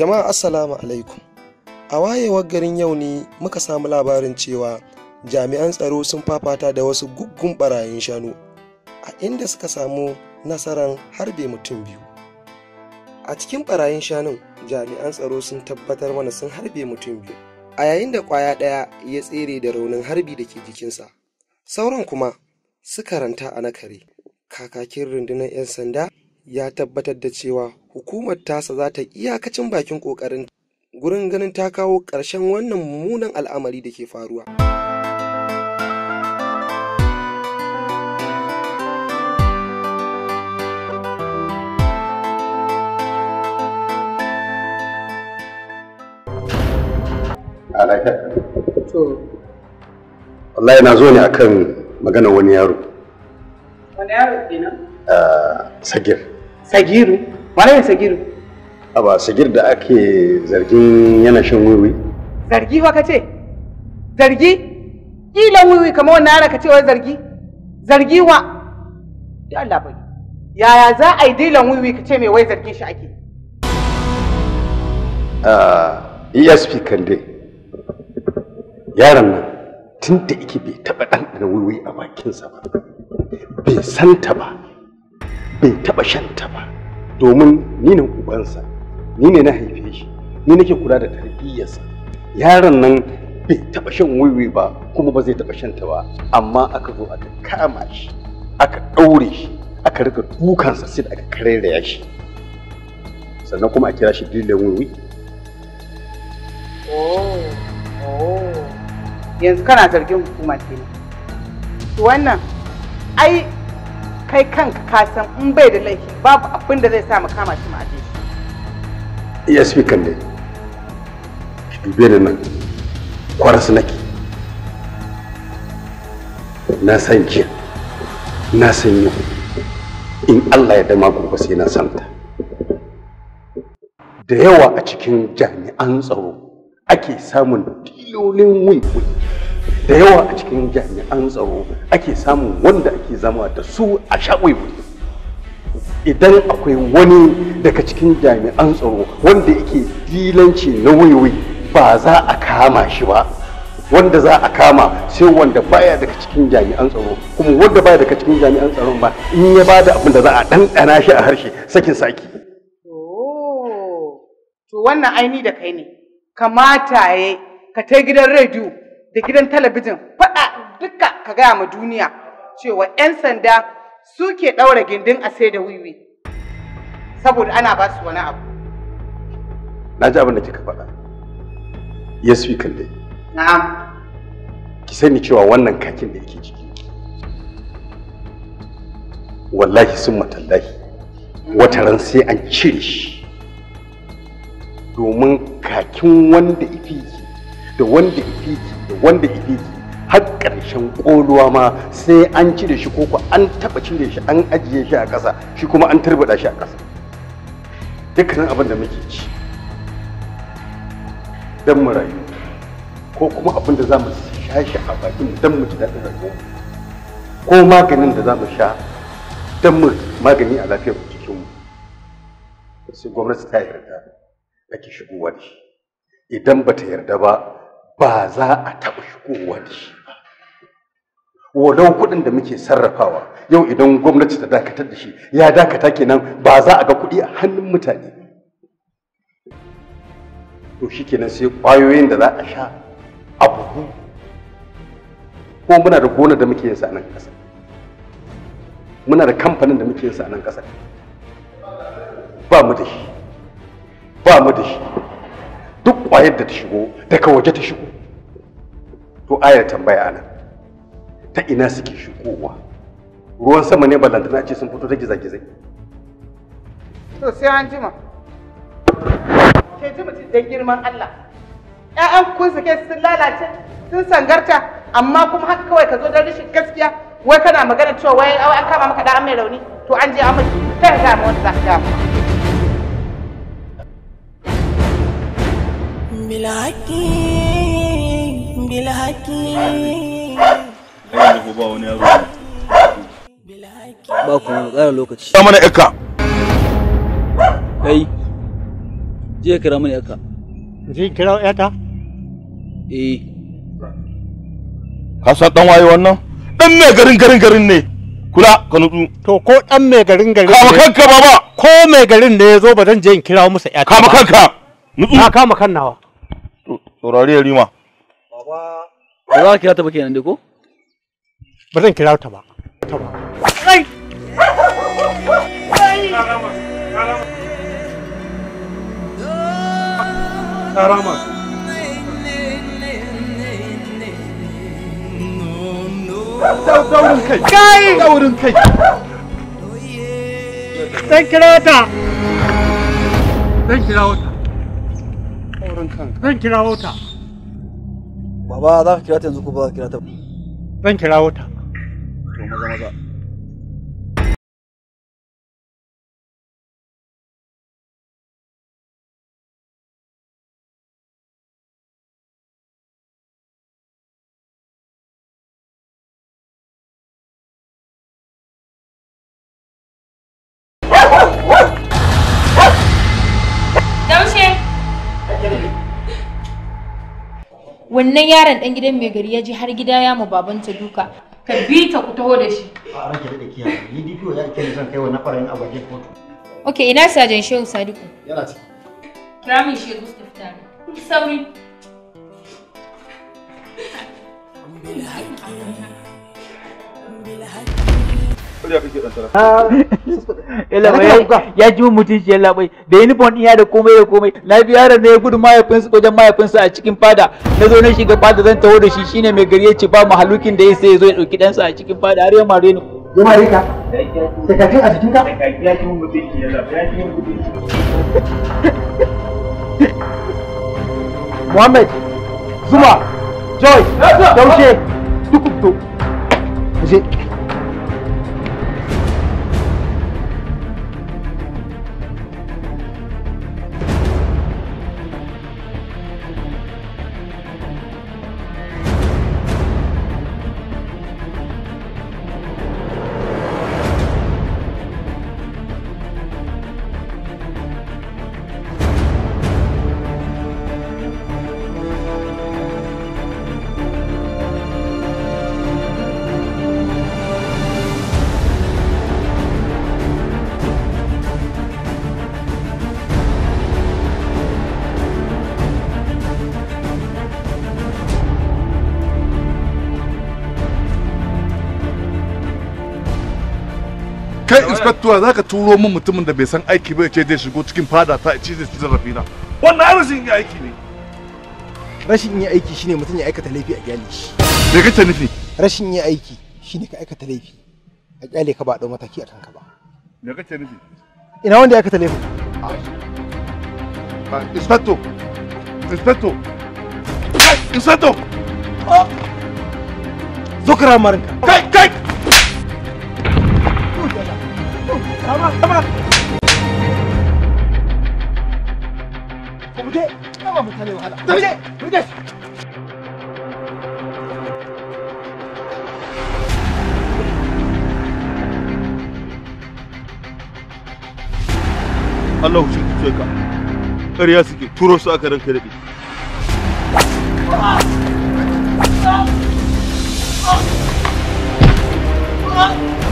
Jama'a Assalamu alaikum. A wayewar garin yau ne muka samu labarin cewa jami'an tsaro sun fafata da wasu guggun barayin shanu a inda suka samu nasarar harbe mutum biyu. A cikin barayin shanun jami'an tsaro sun tabbatar mana sun harbe mutum biyu. A yayin da kwaya ɗaya ya tsere da raunin harbi da ke jikinsa. Sauran kuma suka ranta a nakare. Kakakin rundunar 'yan sanda ya tabbatar da cewa hukumar tasa za ta iyakacin bakin ƙoƙarin gurin ganin ta kawo ƙarshen wannan mummunan al'amari da ke faruwa. Wallahi na zo ne akan magana wani yaro. Wani yaro kenan? Ah, Sagir. sagiru ne sagiru a ba sagir da ake zargin yana shan wiwi zargi wa kace zargi kila wiwi kamar wannan ara kace wai zargi zargi wa ya Allah bai yaya za a yi dilan wiwi kace mai wai zargin shi ake a ah, ESP kande yaron nan tun da ike bai taɓa ɗanɗana wiwi a bakinsa ba bai santa ba bai taba shan ta ba domin ni ne ubansa ni ne na haife shi ni nake kula da tarbiyyarsa yaron nan bai taba shan wiwi ba kuma ba zai shan ta ba amma aka zo aka kama shi aka ɗaure shi aka rika dukansa sai da aka kareraya shi sannan kuma a kira shi dillan wiwi oh, oh. yanzu kana zargin hukuma kenan wannan ai kai kanka ka san in bai da laifi babu abin da zai sa mu kama shi ma aje shi yes we kan dai dube da nan kwaras nake na san jiya na san yau in Allah ya dama gobe sai na santa da yawa a cikin jami'an tsaro ake samun dilolin wuyi-wuyi da yawa a cikin jami'an tsaro ake samun wanda ake zama da su a sha'o'i idan akwai wani daga cikin jami'an tsaro wanda yake dilanci na waiwai ba za a kama shi ba wanda za a kama sai wanda baya daga cikin jami'an tsaro kuma wanda baya daga cikin jami'an tsaron ba in ya ba da abin da za a ɗanɗana shi a harshe sakin saki. Oh, to wannan aini da kai ne kamata ya ka ta gidan rediyo da gidan talabijin faɗa duka ka gaya ma duniya cewa 'yan sanda suke ɗaura gindin ase da wiwi saboda ana ba su wani abu. Na ji abin da kika faɗa. Yes, we can Na'am. Ki sani cewa wannan kakin da yake ciki. Wallahi sun matallahi. ran sai an cire shi. Domin kakin wanda ifiki da wanda ifiki da wanda ki har ƙarshen ƙoluwa ma sai an cire shi koko an taɓa cire shi an ajiye shi a ƙasa shi kuma an tarbaɗa shi a ƙasa dukkanin abin da muke ci don mu rayu ko kuma abin da za mu sha shi a bakin don mu ji daɗin rayuwa ko maganin da za mu sha don mu magani a lafiyar mu sai gwamnati ta yarda ake shigowa da shi idan ba ta yarda ba ba za a taɓa shigowa da shi ba walau kuɗin da muke sarrafawa yau idan gwamnati ta dakatar da shi ya dakata kenan ba za a ga kuɗi a hannun mutane to shi kenan sai ƙwayoyin da za a sha a buhu ko muna da gona da muke yinsa a nan ƙasa muna da kamfanin da muke yinsa a nan ƙasa ba mu da shi ba mu da shi duk ƙwayar da ta shigo daga waje ta shigo to ayar tambaya nan ta ina suke shigowa ruwan sama ne ballantana ce sun fito ta gizagizai to sai an jima ke ji mutum dan girman Allah ƴaƴan kun suke sun lalace sun sangarta amma kuma haka kawai ka zo don rashin gaskiya wai kana magana cewa wai an kama maka da an mai rauni to an je amma ta kai ga mu wanda za ka bilhaki bilhaki ba wani yaro ba ku tsara lokaci ya mana yaka kai je kira mana yaka je kira yata eh ka san dan waye wannan dan me garin garin garin ne kula ka nutsu to ko dan me garin garin kama kanka baba ko me garin ne ya ba zan je in kira musu yata kama kanka nutsu na kama kan nawa saurari ya rima ba za ka kira ta ba kenan da ko ba zan kira ta ba ta ba kai karama Daurin kai! Kai! Daurin kai! Zan kira wata! Zan kira wata! kuɗin kanka. Zan kira wata. Baba za ka kira ta yanzu ko ba za ka kira ta To maza maza. wannan yaron dan gidan mai gari ya ji har gida ya mu babanta duka ka bi ta ku taho da shi a rage da kiya ni dibi ya ake zan kai wannan farin a wajen kotu okay ina sajan Shehu Sadiku yana ci kira Shehu Mustafa tare sauri bil بالحق Ah. ya ji mutunci yalla bai da uniform ɗin ya da komai da komai na bi yaron ne ya gudu mahaifinsa wajen mahaifinsa a cikin fada na zo na shiga fada zan taho da shi shine mai gari ya ce ba mahalukin da ya sai zo ya ɗauki ɗansa a cikin fada har ya mare ni. mare ka a cikin ka ya ji mutunci ya ji mutunci. Muhammad Zuma Joy Daushe duk fito. inspector za ka turo min mutumin da bai san aiki ba ya ce zai shigo cikin fada ta ce zai ci zarafi na wannan ai rashin yin aiki ne rashin yin aiki shine mutum ya aikata laifi a gyale shi me kake nufi rashin yin aiki shine ka aikata laifi a gyale ka ba dau mataki a kanka ba me kake nufi ina wanda ya aikata laifi ah. ah, inspector inspector inspector ah. zo ka kai kai Come on, come on. Ku fite, kama mutane wahala. ka. suke turo su aka ranka Ah! ah! ah! ah!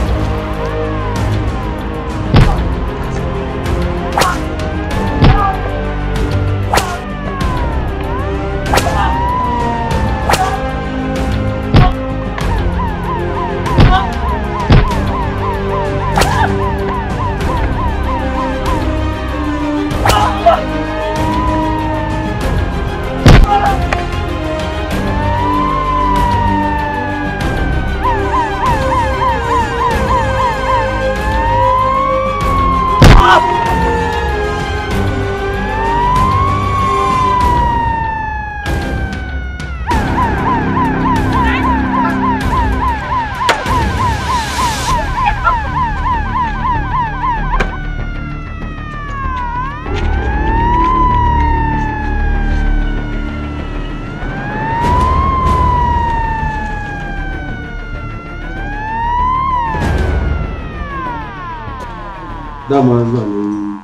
dama zuwa ne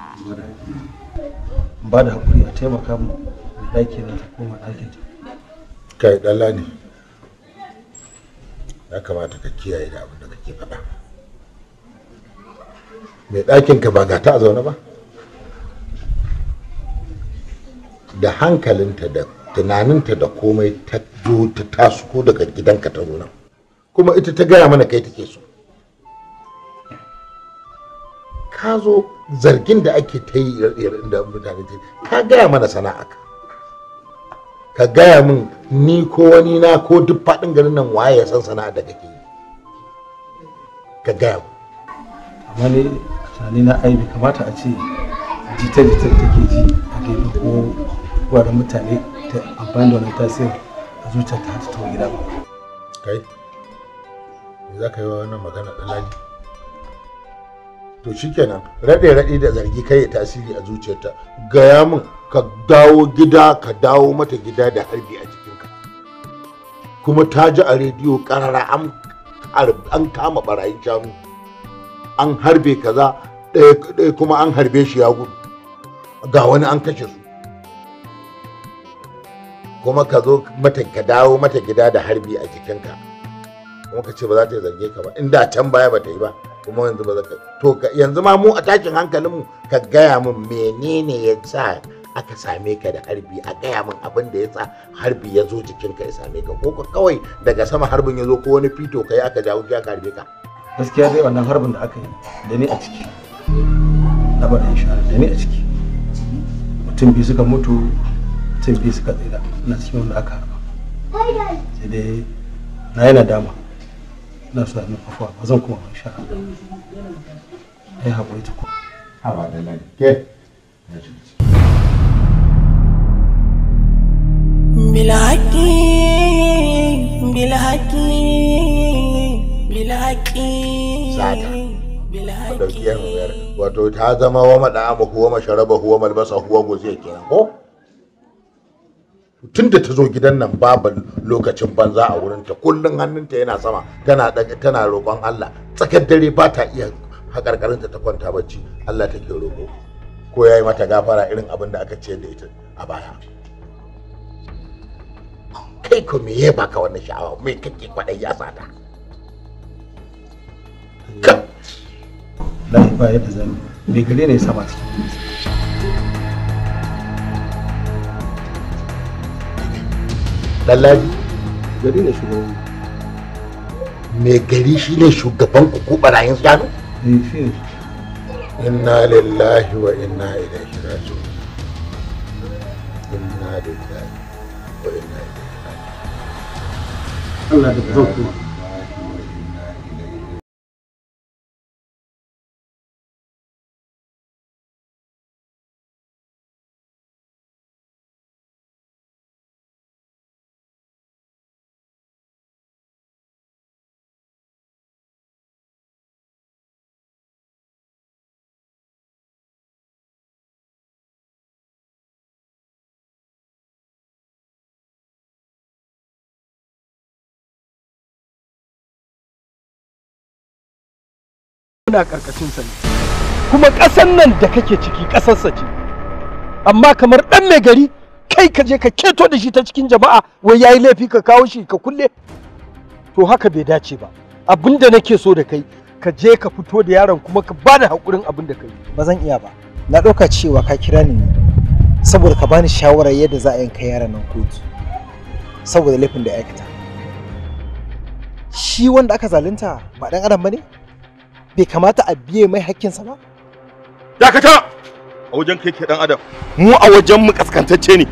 ba da hakuri a taimaka mu da ɗaki na ta koma ɗakin ta kai ɗalla ne ya kamata ka kiyaye da abin da kake faɗa mai ɗakin ka ba ga ta a zaune ba da hankalinta da tunaninta da komai ta zo ta taso daga gidanka ta zo kuma ita ta gaya mana kai take so ka zo zargin da ake ta yi da mutane ta ka gaya mana sana'a ka gaya min ni ko wani na ko duk faɗin garin nan waye ya san sana'a da kake yi ka gaya mu amma ne tunani na aibi kamata a ce jita jita take ji a daidai ko gwada mutane ta amfani da wani tasirin a zuciyar ta ta gida ba kai za ka yi wa wannan magana ɗalali to shikenan raɗe raɗe da zargi kai ya tasiri a zuciyarta gaya min ka dawo gida ka dawo mata gida da harbi a jikinka kuma ta ji a rediyo karara an kama barayin shanu an harbe kaza ɗaya kuma an harbe shi ya gudu ga wani an kashe su kuma ka zo mata ka dawo mata gida da harbi a jikinka kuma ka ce ba za ta zarge ka ba inda can baya ba ta yi ba kuma yanzu ba zaka to yanzu ma mu a takin mu ka gaya min menene ya sa aka same ka da harbi a gaya min abin da ya sa harbi ya zo ka ya same ka ko kawai daga sama harbin ya zo ko wani fito kai aka jawo ka harbe ka gaskiya dai wannan harbin da aka yi da ni a ciki na bada insha Allah da ni a ciki mutum biyu suka mutu mutum biyu suka tsira na cikin wanda aka harba sai dai na yana dama ina so min afuwa ba zan kuma insha Allah ai haƙuri ta ku haba da nan ke bilhaki bilhaki bilhaki bilhaki wato ta zama wa maɗa huwa masharaba huwa malbasa huwa goziya kenan ko tunda ta zo gidan nan babu lokacin banza a wurinta kullum hannunta yana sama tana tana roƙon Allah tsakar dare ba ta iya haƙarƙarinta ta kwanta bacci Allah take roƙo ko ya mata gafara irin abin da aka ce da ita a baya kai ko me ya baka wannan sha'awa me kake kwaɗayi ya sata ka dan ba yadda zan bai gare ne sama cikin Ɗanladi, gari ne shugaban mai gari shi ne shugaban ku ko barayin eh, shanu? Inna lillahi wa inna ilaihi raji'un. Inna lillahi wa inna ilaihi raji'un. Allah da kuma. Kuna karkashin sa kuma ƙasan nan da kake ciki ƙasarsa ce amma kamar ɗan mai gari kai ka je ka keto da shi ta cikin jama'a wai yayi laifi ka kawo shi ka kulle to haka bai dace ba abin da nake so da kai ka je ka fito da yaron kuma ka ba da haƙurin abin da kai ba zan iya ba na ɗauka cewa ka kira ni saboda ka bani shawarar yadda za a yanka yaron nan kotu saboda laifin da aikata shi wanda aka zalunta ba ɗan adam ba ne bai kamata a biye mai hakkinsa ba dakata a wajen kai ke dan adam mu a wajen mu kaskantacce ne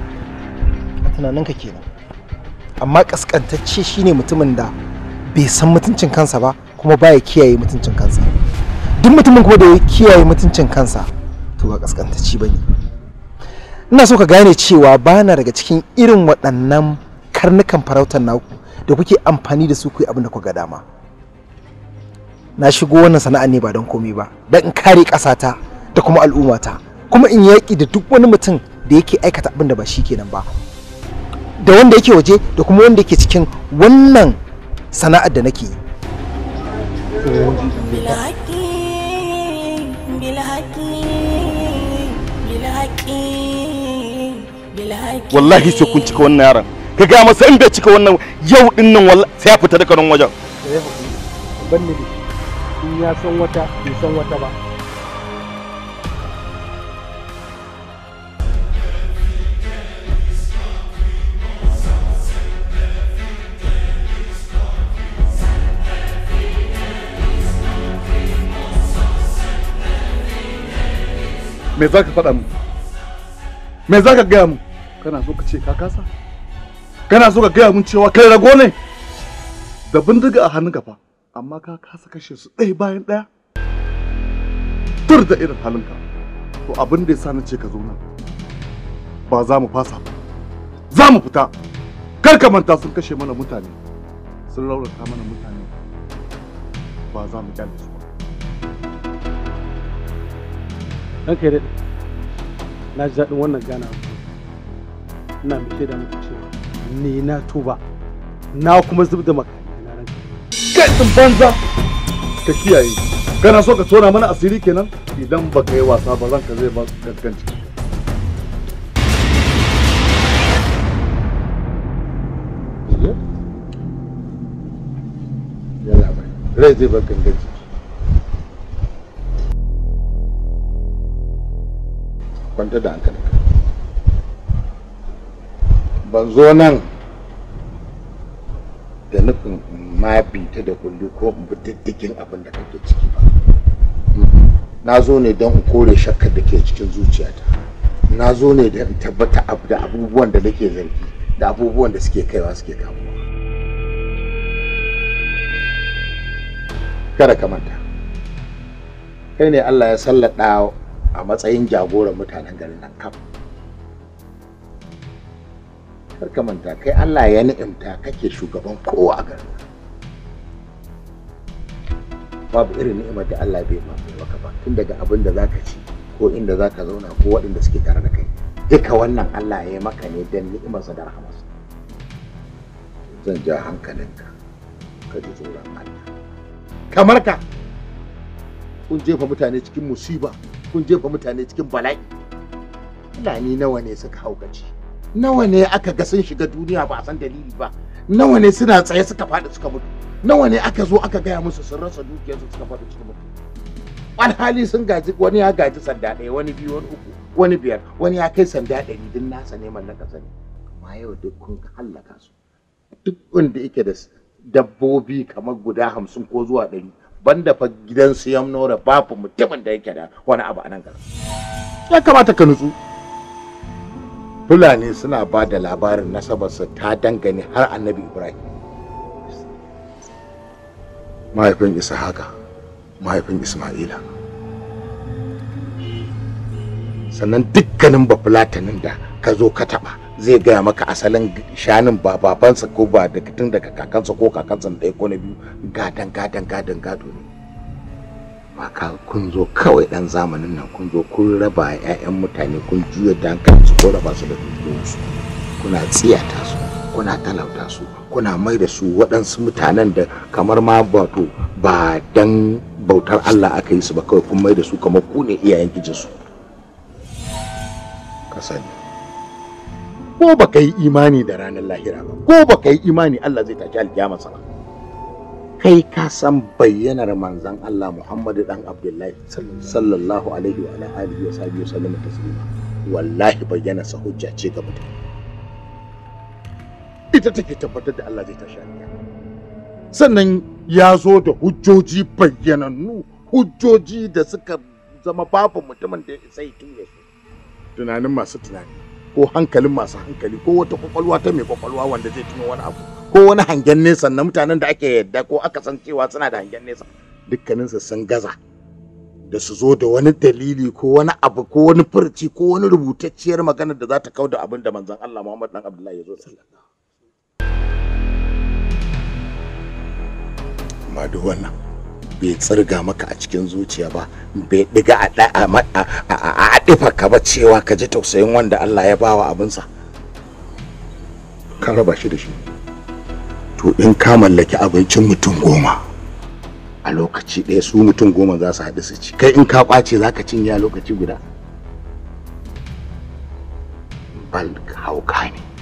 a tunanin ka kenan amma kaskantacce shine mutumin da bai san mutuncin kansa ba kuma baya kiyaye mutuncin kansa duk mutumin kuma da ya kiyaye mutuncin kansa to ba kaskantacci bane ina so ka gane cewa bana daga cikin irin waɗannan karnukan farautar naku da kuke amfani da su kai abin da ku ga dama na shigo wannan sana'a ne ba don komai ba don in kare ƙasata da kuma al'ummata kuma in yaƙi da duk wani mutum da yake aikata abin da ba shi kenan ba da wanda yake waje da kuma wanda yake cikin wannan sana'ar da nake yi wallahi sai kun cika wannan yaran ka ga masa in bai cika wannan yau dinnan nan sai ya fita daga nan wajen ne. in ya san wata bai san wata ba me za ka faɗa mu me za ka gaya mu kana so ka ce ka kasa kana so ka gaya mun cewa kai rago ne da bindiga a hannu ka fa amma ka kasa kashe su ɗaya bayan ɗaya tur da irin halinka to abin da ya sa na ce ka zo nan ba za mu fasa ba za mu fita kar ka manta sun kashe mana mutane sun raunata mana mutane ba za mu kyale su ba dan kai daɗi na ji daɗin wannan gana ina mai da muku cewa ni na tuba na kuma zub da maka kai din banza ka kiyaye kana so ka tona mana asiri kenan idan baka yi wasa ba ka zai ba gaskanci rai zai bar kwanta da ban zo nan da nufin in ma ta da kulli ko in bi diddigin abin da kake ciki ba na zo ne don kore shakkar da ke cikin zuciyata na zo ne don in tabbata da abubuwan da nake zargi da abubuwan da suke kaiwa suke kamuwa kada ka manta kai ne Allah ya sallada a matsayin jagoran mutanen garin nan kaf kar ka manta kai Allah ya ni'imta kake shugaban kowa a garin babu irin ni'imar da Allah bai ma maka ba tun daga abin da zaka ci ko inda zaka zauna ko waɗanda suke tare da kai duka wannan Allah ya maka ne dan ni'imarsa da rahamarsa zan ja hankalinka ka ji tsoron Allah kamar ka kun jefa mutane cikin musiba kun jefa mutane cikin bala'i ni nawa ne suka haukace nawa ne aka ga sun shiga duniya ba a san dalili ba nawa ne suna tsaye suka faɗi suka mutu nawa ne aka zo aka gaya musu sun rasa dukiyarsu suka faɗi cikin mutum alhali sun gaji wani ya gaji sanda ɗaya wani biyu wani uku wani biyar wani ya kai sanda ɗari din nasa ne mallaka sani amma yau duk kun hallaka su duk wanda yake da dabbobi kamar guda hamsin ko zuwa ɗari banda fa gidan su yamnora babu mutumin da yake da wani abu a nan gaba ya kamata ka nutsu fulani suna ba da labarin nasabarsa ta dangane har annabi ibrahim mahaifin Isahaka mahaifin Ismaila sannan dukkanin bafulatanin da ka zo ka taba zai gaya maka asalin shanin ba babansa ko ba daga tun daga kakansa ko kakansa na ɗaya ko na biyu gadan gadan gadan gado ne maka kun zo kawai ɗan zamanin nan kun zo kun raba 'ya'yan mutane kun juya da su ko raba su da dukiyoyinsu kuna tsiyata su kuna talauta su kuna mai da su waɗansu mutanen da kamar ma wato ba dan bautar Allah aka yi su ba kawai kun mai da su kamar ku ne iyayen gijin su ka sani ko baka yi imani da ranar lahira ba ko ba yi imani Allah zai tashi alkiyama ba? kai ka san bayyanar manzon Allah Muhammadu dan Abdullahi sallallahu alaihi wa alihi wa sahbihi sallam taslima wallahi bayyana sa hujja ce ga mutane ita take tabbatar da Allah zai tashi sannan ya zo da hujjoji bayyanannu hujjoji da suka zama babu mutumin da ya sai ya ture su tunanin masu tunani ko hankalin masu hankali ko wata kwakwalwa ta mai kwakwalwa wanda zai tuno wani abu ko wani hangen nesa na mutanen da ake yadda ko aka san cewa suna da hangen nesa su sun gaza da su zo da wani dalili ko wani abu ko wani furci ko wani rubutacciyar magana da za ta kauda abin da manzon Allah Muhammad dan Abdullahi ya zo da amma wannan bai tsirga maka a cikin zuciya ba bai diga a ɗifa ka ba cewa ka ji tausayin wanda Allah ya bawa abinsa ka raba shi da shi to in ka mallaki abincin mutum goma a lokaci ɗaya su mutum goma za su haɗu su ci kai in ka ƙwace za ka cinye a lokaci guda bal hauka ne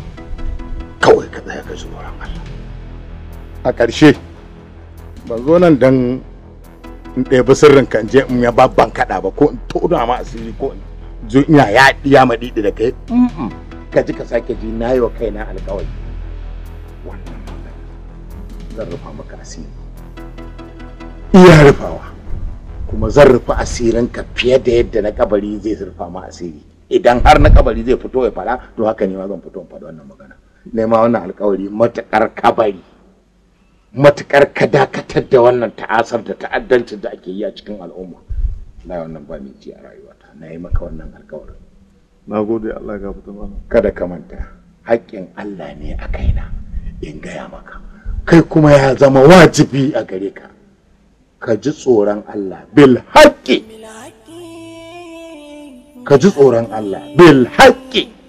kawai ka tsaya ka ji tsoron Allah a ƙarshe ba zo nan dan in ɗebi sirrin kan je in ya babban kaɗa ba ko in tona ma asiri ko in zo in ya ya maɗiɗi da kai ka ji ka sake ji na yi wa kaina alƙawari wannan magana zan rufa maka asiri iya rufawa kuma zan rufa asirinka fiye da yadda na kabari zai rufa ma asiri idan har na kabari zai fito ya fara to haka ne ma zan fito in faɗi wannan magana nema wannan alkawari matuƙar kabari matuƙar ka dakatar da wannan ta'asar da ta'addancin da ake yi a cikin al'umma na wannan ba ji a rayuwata na yi maka wannan alkawarin na gode Allah ga fito mana kada ka manta haƙƙin Allah ne a kaina in gaya maka kai kuma ya zama wajibi a gare ka ka ji tsoron Allah bil haƙƙi ka ji tsoron Allah bil haƙƙi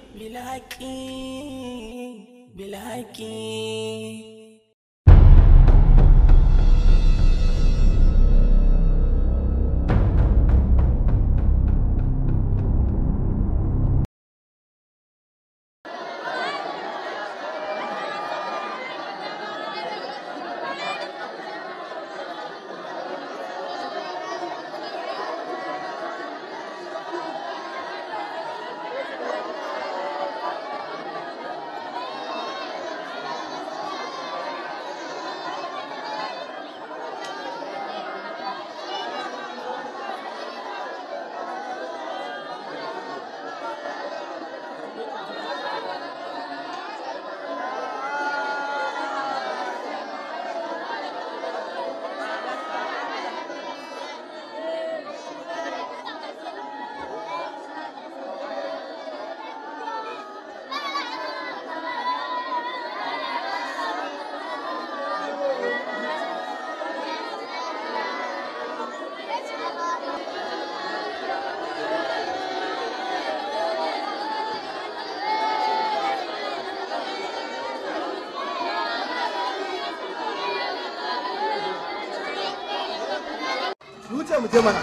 je mana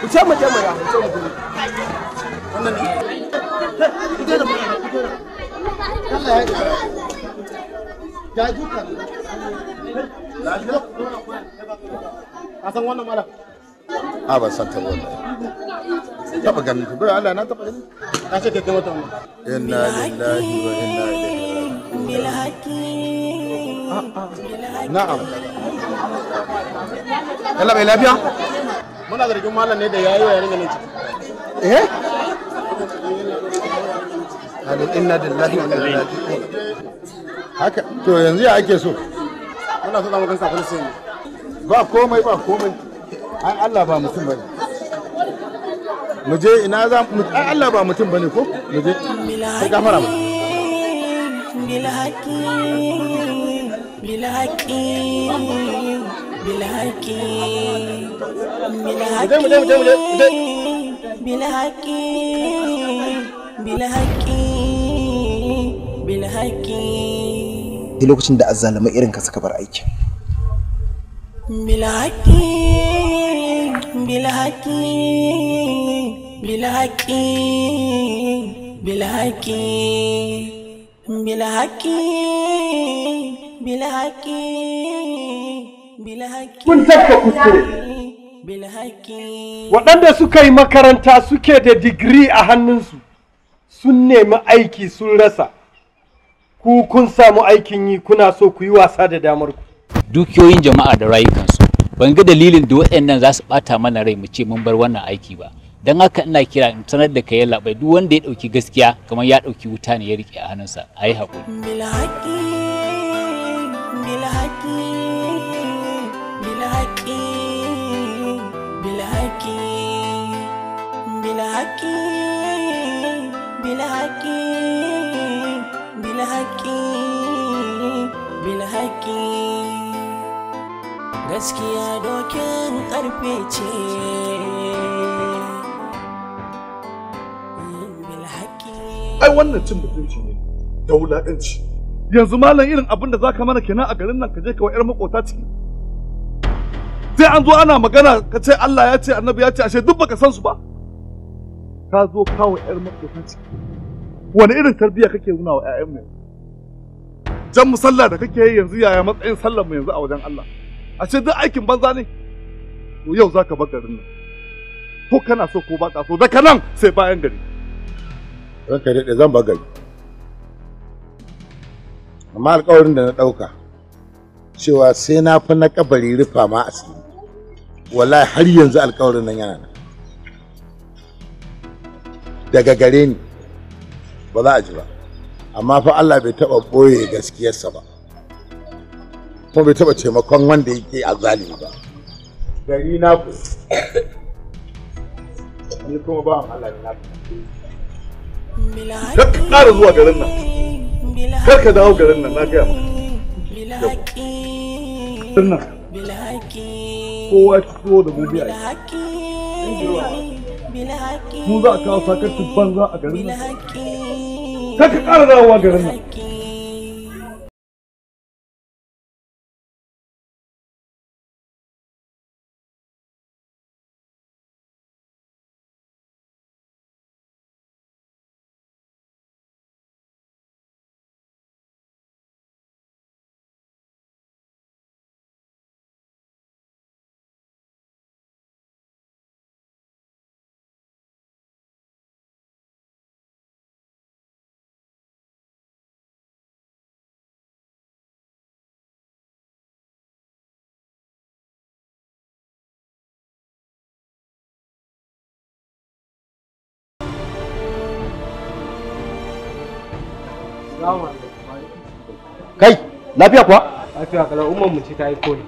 ku ce mu a san wannan malam a ban san ta wannan taba ganin ku na taba na yalla bai lafiya muna zargin malam ne da yayi wa yarin ganin ciki eh halin inna lillahi wa inna ilaihi raji'un haka to yanzu ya ake so muna so zamu gansa sai ne ba komai ba komai ai Allah ba mutum bane mu je ina za mu ai Allah ba mutum bane ko mu je sai gafara mu bilhaqi bilhaqi bilhaki bilhaki bilhaki bilhaki bilhaki duk lokacin da azzalumai irin ka suka bar aikin bilhaki bilhaki bilhaki bilhaki bilhaki bilhaki kun tafka kuskure waɗanda suka yi makaranta suke da digiri a hannunsu sun nemi aiki sun rasa ku kun samu aikin yi kuna so ku yi wasa da damar ku dukiyoyin jama'a da rayukansu ban ga dalilin da waɗannan za su ɓata mana rai mu ce mun bar wannan aiki ba dan haka ina kira in sanar da kai labai duk wanda ya ɗauki gaskiya kamar ya ɗauki wuta ne ya rike a hannunsa a yi haƙuri bilhaki bilhaki bilhaki bilhaki bilhaki bilhaki gaskiya dokin karfe ce ai wannan cin mutunci ne da wulaƙanci yanzu malam irin abin da zaka mana kenan a garin nan ka je ka wa 'yar makota ciki sai an zo ana magana ka ce Allah ya ce annabi ya ce ashe duk baka san su ba ka zo kawo yar makota ciki wani irin tarbiyya kake nuna wa ƴaƴan mu jan musalla da kake yi yanzu yaya matsayin sallar mu yanzu a wajen Allah ashe duk aikin banza ne to yau zaka bar garin nan ko kana so ko baka so daga nan sai bayan gari ranka daɗe zan bar gari amma alƙawarin da na ɗauka cewa sai na fi na kabari rufa ma asiri wallahi har yanzu alkawarin nan yana nan daga gare ni ba za a ji ba amma fa Allah bai taba boye gaskiyarsa ba kuma bai taba taimakon wanda yake a zalimi ba gari na ku ni kuma ba Allah na ku kar ka ƙara zuwa garin nan kar ka dawo garin nan na gaya maka bilhaƙi kowa ya fito da gobe a yi mu za a kawo sakar banza a garin nan kaka kara dawowa garin nan Kai, lafiya kuwa? Lafiya kala umman mu ce ta yi kone.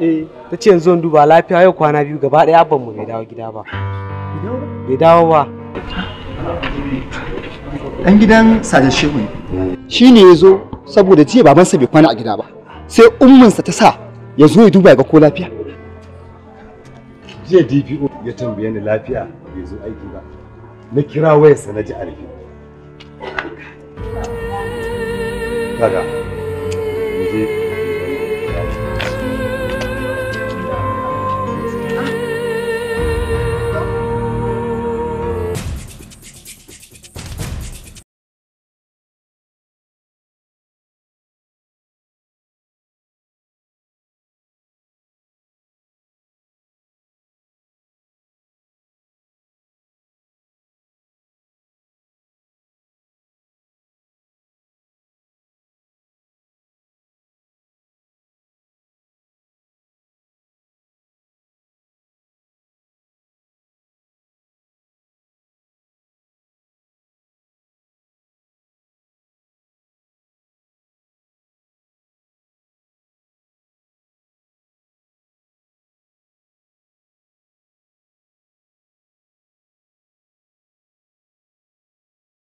Eh, ta ce yanzu in duba lafiya yau kwana biyu gaba ɗaya abban mu bai dawo gida ba. Bai dawo ba. Dan gidan Sajad Shehu ne. Shi ne ya zo saboda jiya babansa bai kwana a gida ba. Sai ummansa ta sa ya zo ya duba ya ga ko lafiya. Jiya DPO ya tambaye ni lafiya bai zo aiki ba. Na kira wayarsa na ji a 那个，你去。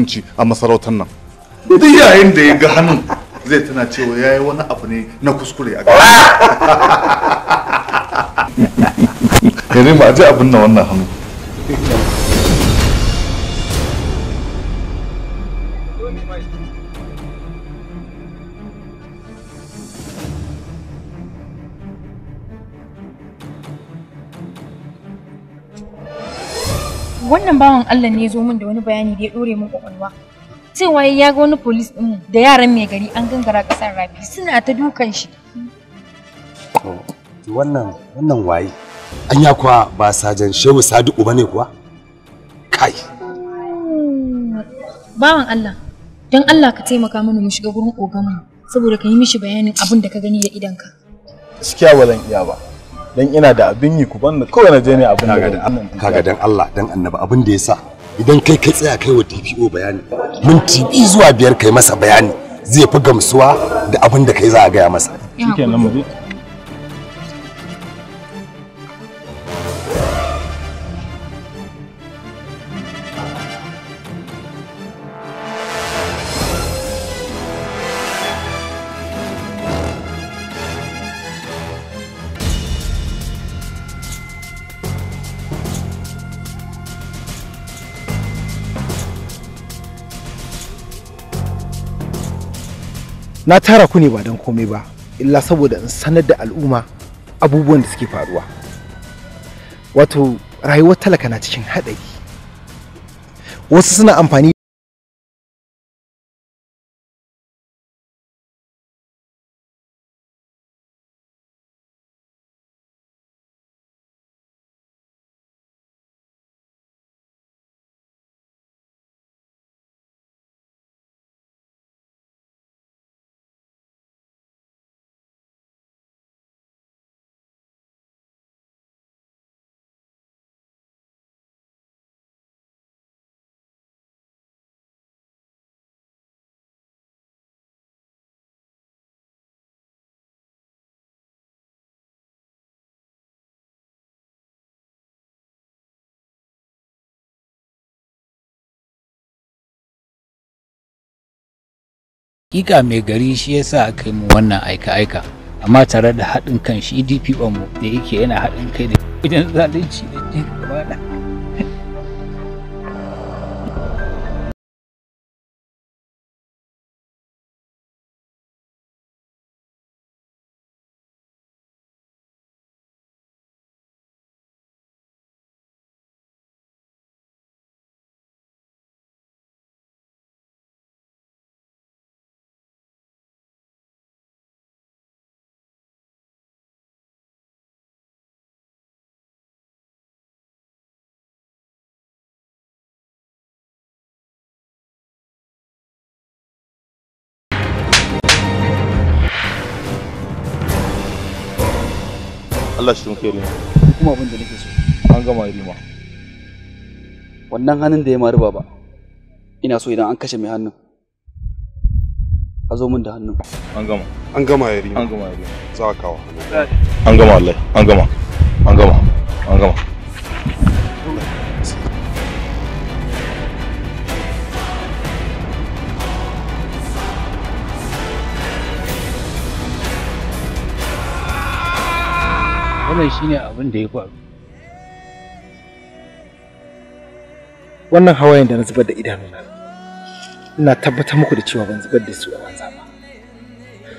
hukunci a masarautar nan duk yayin da ya ga hannun zai tana cewa ya yi wani abu ne na kuskure a gaba yanzu ba a ji abin na wannan hannu wannan bawan Allah ne ya zo min da wani bayani da ya dore min kwakwalwa cewa ya ga wani polis din da yaran mai gari an gangara kasar rafi suna ta dukan shi wannan wannan waye an ya kuwa ba sajan shehu sadiku bane kuwa kai bawan Allah don Allah ka taimaka mana mu shiga gurin ogamu saboda ka yi mishi bayanin abin da ka gani da idanka gaskiya ba zan iya ba dan ina da abin yi ku banna kawai na je ne abin da kaga dan Allah dan annabi abin da ya sa idan kai kai tsaya kai wa DPO bayani mun tibi zuwa biyar kai masa bayani zai fi gamsuwa da abin da kai za a gaya masa shikenan mu na tara ku ne ba don komai ba illa saboda in sanar da al'umma abubuwan da suke faruwa wato rayuwar talaka na cikin haɗari wasu suna amfani hakika mai gari shi yasa aka yi mu wannan aika-aika amma tare da haɗin kan shi e dp mu da yake yana haɗin kai da wajen zalunci da jin gaba Allah shi tunke ni kuma abin da nake so an gama rima wannan hannun da ya mari baba ina so idan an kashe mai hannun a zo min da hannun an gama an gama ya rima an gama ya rima za ka kawo an gama Allah an gama an gama an gama wannan shine abin da ya faru wannan hawayen da na zubar da idanuna ina tabbatar muku da cewa ban zubar da su a banza ba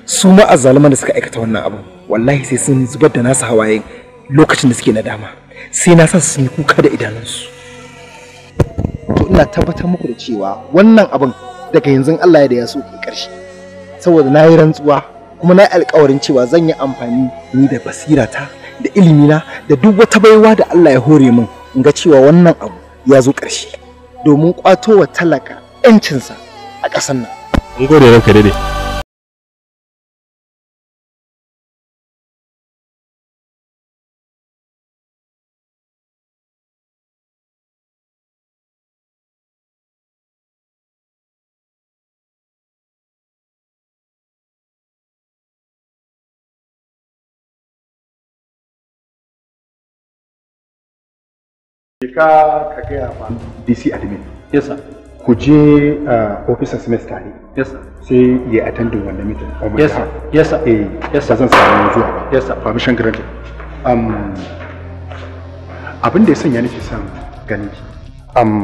su ma azzaluman da suka aikata wannan abu wallahi sai sun zubar da nasu hawayen lokacin da suke nadama sai na san su yi kuka da idanunsu to ina tabbatar muku da cewa wannan abin daga yanzu Allah ya da ya so ke karshe saboda na yi rantsuwa kuma na yi alkawarin cewa zan yi amfani ni da basirata da ilimina da duk wata baiwa da Allah ya hore min in ga cewa wannan abu ya zo ƙarshe domin ƙwato wa talaka 'yancinsa a ƙasar nan. Mun gode ranka daidai. Ka ka gaya ba dc admin yes sir ku je uh, officers semester ne. yes sir sai ya attendin wannan meeting oh yes sir yes sir eh yes sir zan samu zuwa ba yes sir permission granted um abin da ya sanya nake son ganin ki um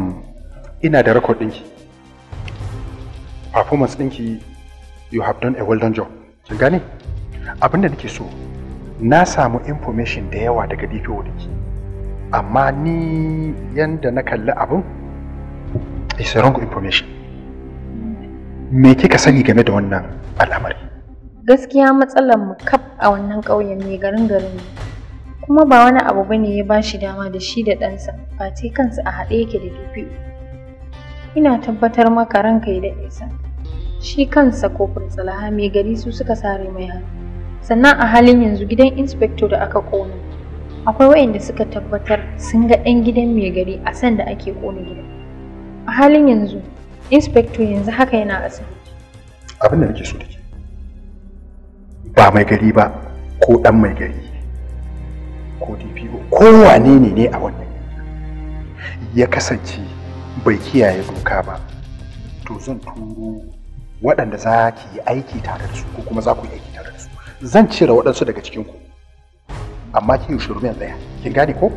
ina da record ɗinki performance ɗinki you have done a well done job kin gane abin da nake so na samu information da yawa daga DPO ɗinki amma ni yanda na kalli abin is wrong information me kika sani game da wannan al'amari gaskiya matsalar mu kaf a wannan ƙauyen ne garin garin kuma ba wani abu bane ya ba shi dama da shi da ɗansa ba ce kansa a haɗe yake da dubi ina tabbatar maka ranka ya daɗe sa shi kansa kofin salaha mai gari su suka sare mai hannu sannan a halin yanzu gidan inspector da aka ƙona akwai waɗanda suka tabbatar sun ga ɗan gidan mai gari a san da ake ƙone gidan a halin yanzu inspector yanzu haka yana asibiti abin da nake so da ke ba mai gari ba ko ɗan mai gari ko dpo ko wane ne ne a wannan ya kasance bai kiyaye doka ba to zan turo waɗanda za ki yi aiki tare da su ko kuma za ku yi aiki tare da su zan cire waɗansu daga cikinku amma ki yi shirme tsaya kin gane ko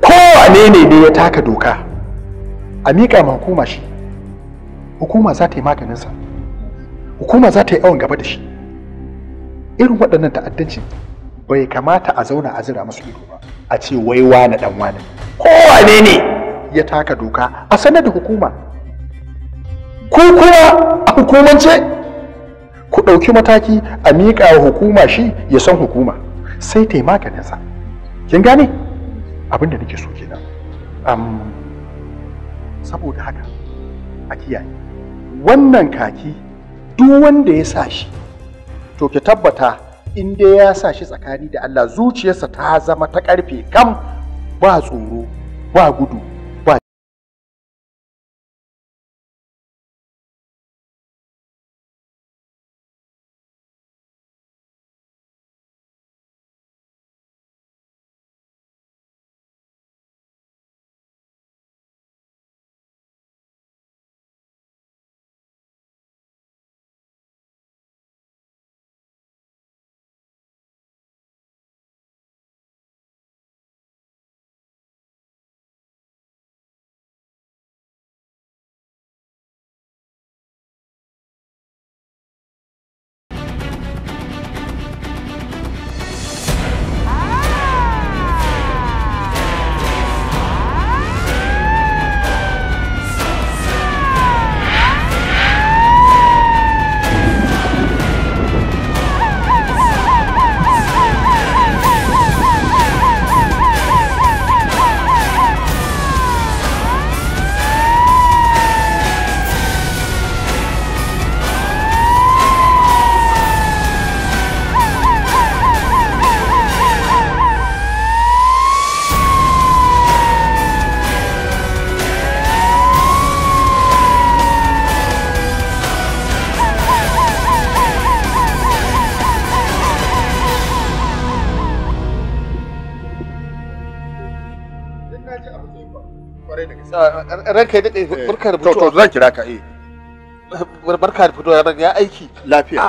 kowane ne ne ya taka doka a miƙa ma hukuma shi hukuma za ta yi maganinsa hukuma za ta yi awon gaba da shi irin waɗannan ta'addancin bai kamata a zauna a zira masu ido ba a ce wai wani dan wani kowane ne ya taka doka a sanar da hukuma ko kuma a hukumance ku ɗauki mataki a miƙa hukuma shi ya san hukuma sai ta yi maganinsa kin gane abin da nake so kenan um, saboda haka a kiyaye wannan kaki duk wanda ya sa shi to ki tabbata in dai ya sa shi tsakani da Allah zuciyarsa ta zama ta karfe kam ba tsoro ba gudu ranka ya daɗe eh. barka da fitowa. To zan kira ka eh. Barka da fitowa ran ya aiki. Lafiya.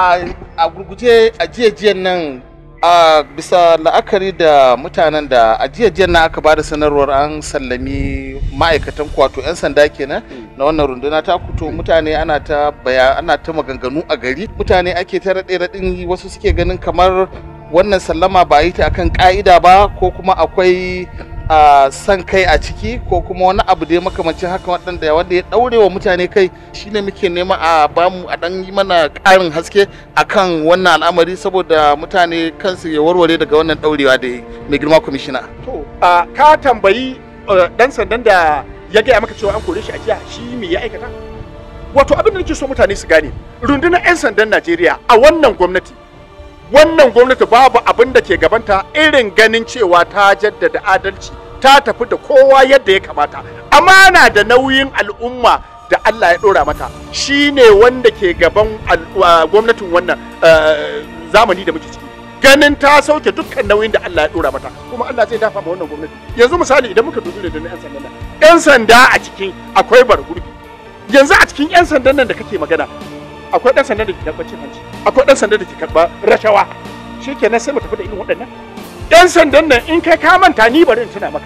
A gurguje a jiyan nan a bisa la'akari da mutanen da a jiyan nan aka bada sanarwar an sallami ma'aikatan kwato 'yan sanda kenan hmm. na wannan runduna ta kuto hmm. mutane ana ta baya ana ta maganganu a gari mutane ake ta raɗe raɗin wasu suke ganin kamar wannan sallama ba yi ta akan ka'ida ba ko kuma akwai a san kai a ciki ko kuma wani abu da ya makamancin haka waɗanda wanda ya ɗaure wa mutane kai shine muke nema a bamu a ɗan yi mana ƙarin haske a kan wannan al'amari saboda mutane kansu ya warware daga wannan ɗaurewa da mai girma kwamishina. To, ka tambayi uh, ɗan sandan da ya gaya maka cewa an kore shi a jiya shi me ya aikata? Wato abin da nake so mutane su gane rundunar 'yan sandan Najeriya a wannan gwamnati wannan gwamnati babu abin da ke gabanta irin ganin cewa ta jaddada adalci ta tafi da kowa yadda ya kamata amana da nauyin al'umma da Allah ya ɗora mata shine wanda ke gaban gwamnatin wannan eh, zamani da muke ciki ganin ta sauke dukkan nauyin da Allah ya dora mata kuma Allah zai dafa ma wannan gwamnati yanzu misali idan muka dubi da yan sandan nan yan sanda a cikin akwai bargurbi yanzu a cikin yan sandan nan da kake magana akwai ɗan sanda da ke karɓar cin hanci akwai ɗan sanda da ke karɓar rashawa shi kenan sai mu tafi da irin waɗannan ɗan sandan nan in kai ka manta ni bari in tuna maka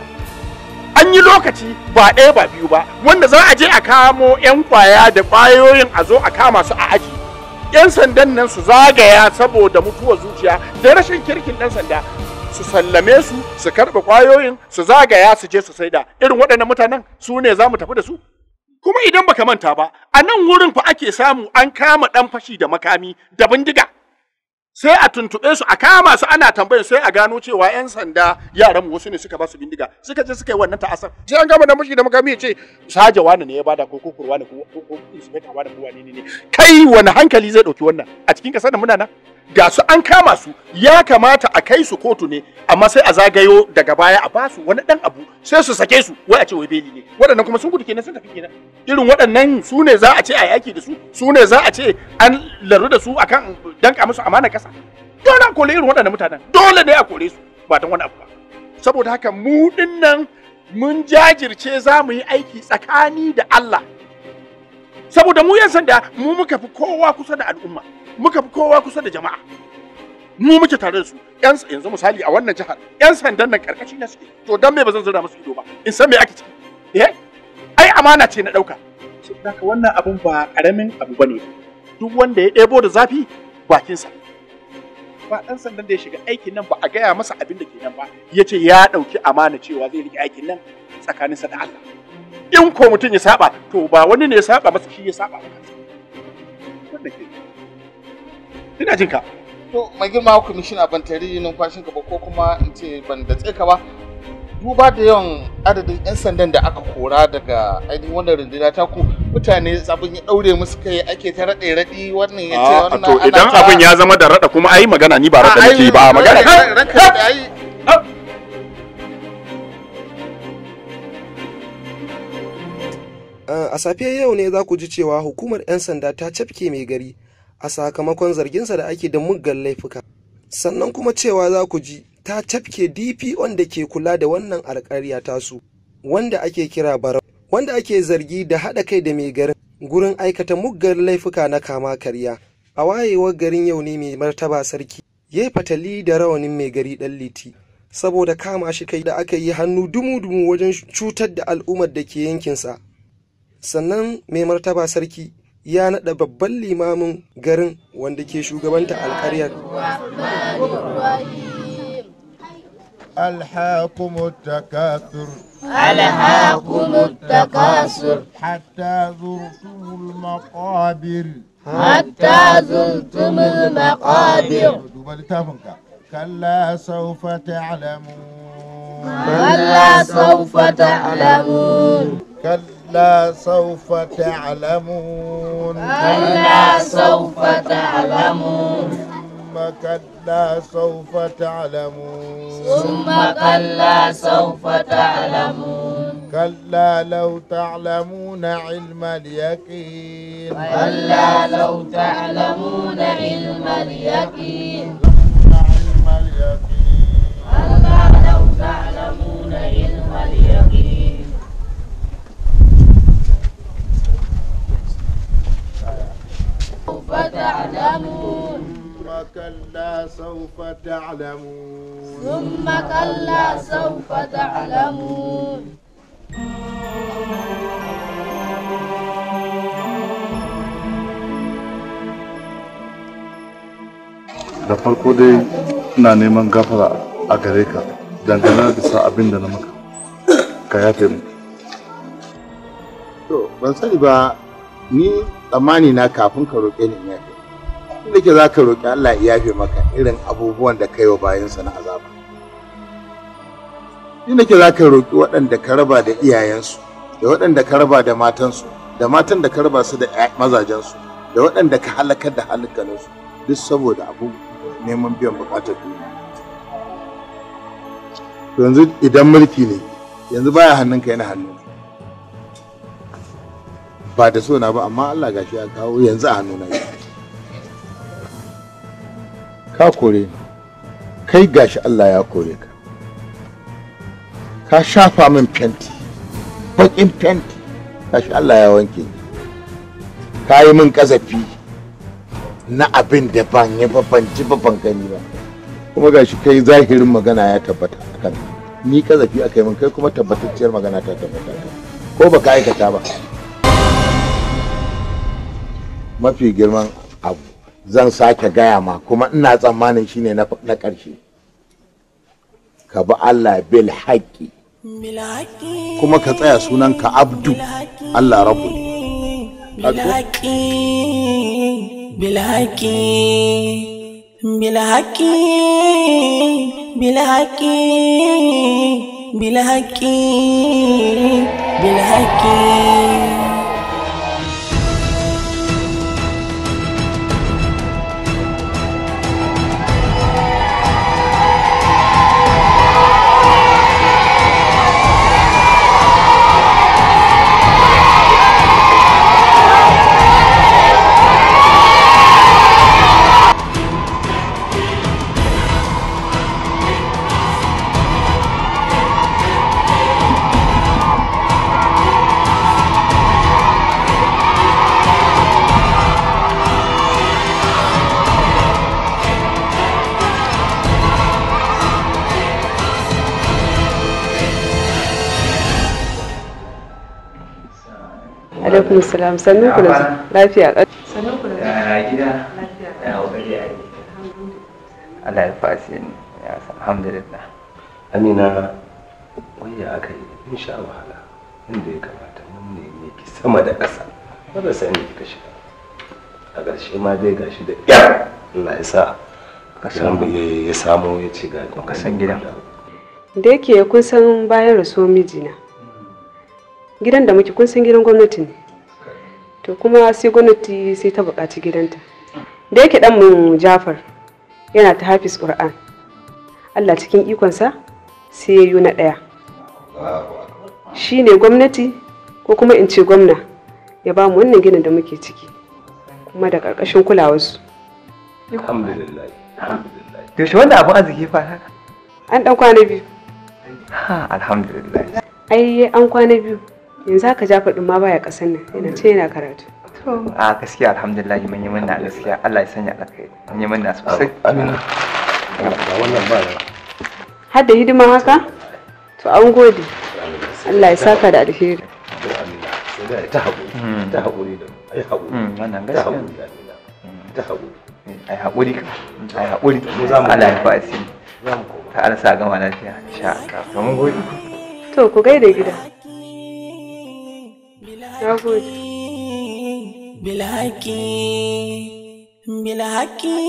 an yi lokaci ba ɗaya ba biyu ba wanda za a je a kamo 'yan kwaya da ƙwayoyin a zo a kama su a aji 'yan sandan nan su zagaya saboda mutuwar zuciya da rashin kirkin ɗan sanda su sallame su su karɓi ƙwayoyin su zagaya su je su saida irin waɗannan mutanen su ne za mu tafi da su kuma idan baka manta ba a nan wurin fa ake samu an kama dan fashi da makami da bindiga sai a tuntuɓe su a kama su ana tambayar sai a gano cewa yan sanda yaran wasu ne suka ba su bindiga suka je suka yi wannan ta'asar sai an kama dan fashi da makami ya ce saja wani ne ya bada ko kukurwa ne ko inspector wani ko wani ne kai wani hankali zai dauki wannan a cikin kasar da muna nan ga su an kama su ya kamata a kai su kotu ne amma sai a zagayo daga baya a basu wani dan abu sai su sake su wai a ce wai beli ne waɗannan kuma sun gudu kenan sun tafi kenan irin waɗannan su ne za a ce a yaki da su su ne za a ce an laru da su akan danka musu amana kasa dole a kore irin waɗannan mutanen dole ne a kore su ba tan wani abu ba saboda haka mu dinnan mun jajirce za mu yi aiki tsakani da Allah saboda mu yan sanda mu muka fi kowa kusa da al'umma muka fi kowa kusa da jama'a mu muke tare da su yan yanzu misali a wannan jihar yan sandan nan karkashi na suke to dan me bazan zura musu ido ba in san me ake ciki eh ai amana ce na dauka saboda wannan abun ba karamin abu bane duk wanda ya ɗebo da zafi bakinsa ba ɗan sandan da ya shiga aikin nan ba a gaya masa abin da ke nan ba ya ce ya ɗauki amana cewa zai riƙe aikin nan tsakaninsa da Allah in ko mutum ya saba to ba wani ne ya saba masa shi ya saba masa wannan ke ina jin ka to mai girma kwamishina ban tari numfashin ka ba ko kuma in ce ban da ka ba duba da yawan adadin 'yan sandan da aka kora daga ainihin wannan rundunar ta ku mutane abin ya daure musu kai ake ta raɗe raɗi wannan ya ce ah, wannan to idan abin ya zama da raɗa kuma ai magana ni ba raɗa nake ba magana ah. eh, a safiyar yau ne za ku ji cewa hukumar 'yan sanda ta cafke mai gari a sakamakon zarginsa da ake da muggan laifuka sannan kuma cewa za ku ji ta cafke On da ke kula da wannan alkarya tasu wanda ake kira barau wanda ake zargi da haɗa kai da mai garin gurin aikata muggan laifuka na kama karya a wayewar garin yau ne mai martaba sarki yayi fatali da rawanin mai gari ɗan liti saboda kama shi kai da aka yi hannu dumu-dumu wajen cutar da al'ummar da ke yankinsa sannan mai martaba sarki ya naɗa babban limamin garin wanda ke shugabanta alƙaryar. ألحاكم التكاثر ألحاكم التكاثر حتى زرتم المقابر حتى زرتم المقابر كلا سوف تعلمون كلا سوف تعلمون كلا كلا سوف تعلمون كلا سوف تعلمون ثم كلا سوف تعلمون ثم كلا سوف تعلمون كلا لو تعلمون علم اليقين كلا لو تعلمون علم اليقين علم اليقين كلا لو تعلمون علم اليقين تعلمون ثم كلا سوف تعلمون ثم كلا سوف تعلمون da farko dai ina neman gafara a gare ka dangane da sa abin da na maka ka yafe mu to ban sani ba ni tsammani na kafin ka roƙe ni yafe da ke za ka roƙi Allah ya yafe maka irin abubuwan da ka yi wa bayansa na azaba. Ni ke za ka roƙi waɗanda ka raba da iyayensu, da waɗanda ka raba da matansu, da matan da ka raba su da mazajensu, da waɗanda ka halakar da halakalinsu, duk saboda abu neman biyan buƙatar duniya. Yanzu idan mulki ne, yanzu baya hannunka yana hannun. Ba da so na ba, amma Allah gashi ya kawo yanzu a hannuna yau. ka kore ni kai gashi Allah ya kore ka ka shafa min fenti bakin fenti gashi Allah ya wanke ni ka yi min kazafi na abin da ban yi ba ban ji ba gani ba kuma gashi kai zahirin magana ya tabbata akan ni kazafi aka yi min kai kuma tabbatacciyar magana ta tabbata ko ba ka aikata ba mafi girman abu zan sake gaya ma kuma ina tsammanin shine na ƙarshe ka bi Allah bil haƙƙi kuma ka tsaya sunan ka abdu Allah rabu bilhaƙi bil bilhaƙi bil bilhaƙi alaikum salam sannan ku da lafiya sannan ku da gida ya kokari a yi Allah ya fasi ni ya alhamdulillah amina wai ya aka yi in sha wahala inda ya kamata mun ne ne ki sama da ƙasa wanda sai ne kika shiga a ƙarshe ma dai gashi da ya Allah ya sa kasan ya samu ya ce ga kasan gida da yake kun san bayan raso mijina gidan da muke kun san gidan gwamnati ne to kuma sai gwamnati sai ta buƙaci gidanta da yake dan mu jafar yana ta hafiz qur'an allah cikin ikonsa sai ya yi na ɗaya shi ne gwamnati ko kuma in ce gwamna ya ba mu wannan ginin da muke ciki kuma da ƙarƙashin kulawarsu alhamdulillah yaushe wanda abin arziki fa an ɗan kwana biyu ha alhamdulillah ai an kwana biyu yanzu haka ja faɗin ma baya kasan nan yana ce yana karatu a gaskiya alhamdulillah mun yi murna gaskiya Allah ya sanya alkhairi mun yi murna sosai amina ba wannan ba har da hidima haka to an gode Allah ya saka da alheri ta haƙuri hmm. ta haƙuri da ai haƙuri wannan gaskiya gama lafiya insha Allah to mun gode to ku gaida gida Bilhaki, bilhaki.